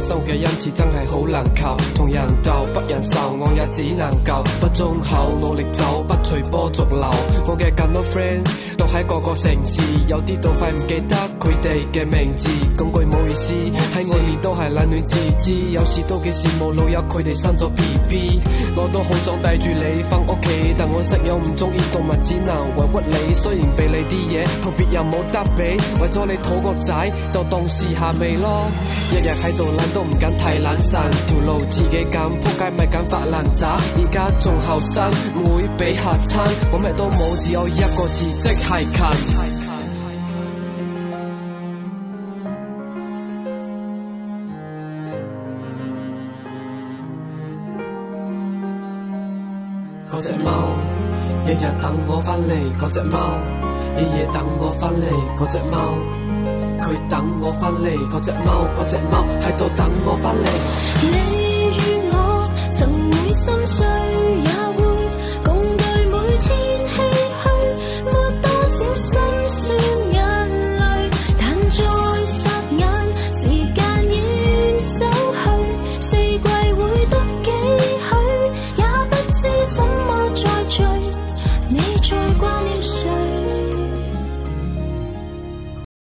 收嘅恩賜真係好難求，同人鬥不人受，我也只能夠不忠厚，努力走不隨波逐流。我嘅更多 friend 都喺各個城市，有啲都快唔記得佢哋嘅名字，講句唔好意思。喺外面都係冷暖自知，有時都幾羨慕老友佢哋生咗 BB，我都好想帶住你返屋企，但我室友唔中意動物，只能委屈你。雖然被你啲嘢同別人冇得比，為咗你討個仔就當試下味咯，日日喺度都唔敢太懶散，條路自己揀扑街，咪揀發爛渣。而家仲後生，唔會俾嚇親。我咩都冇，只有一個字，即係近。嗰隻貓，日日等我翻嚟。嗰隻貓，夜夜等我翻嚟。嗰隻貓。佢等我翻嚟，隻貓，隻貓喺度等我翻嚟。你與我曾會心碎，也會。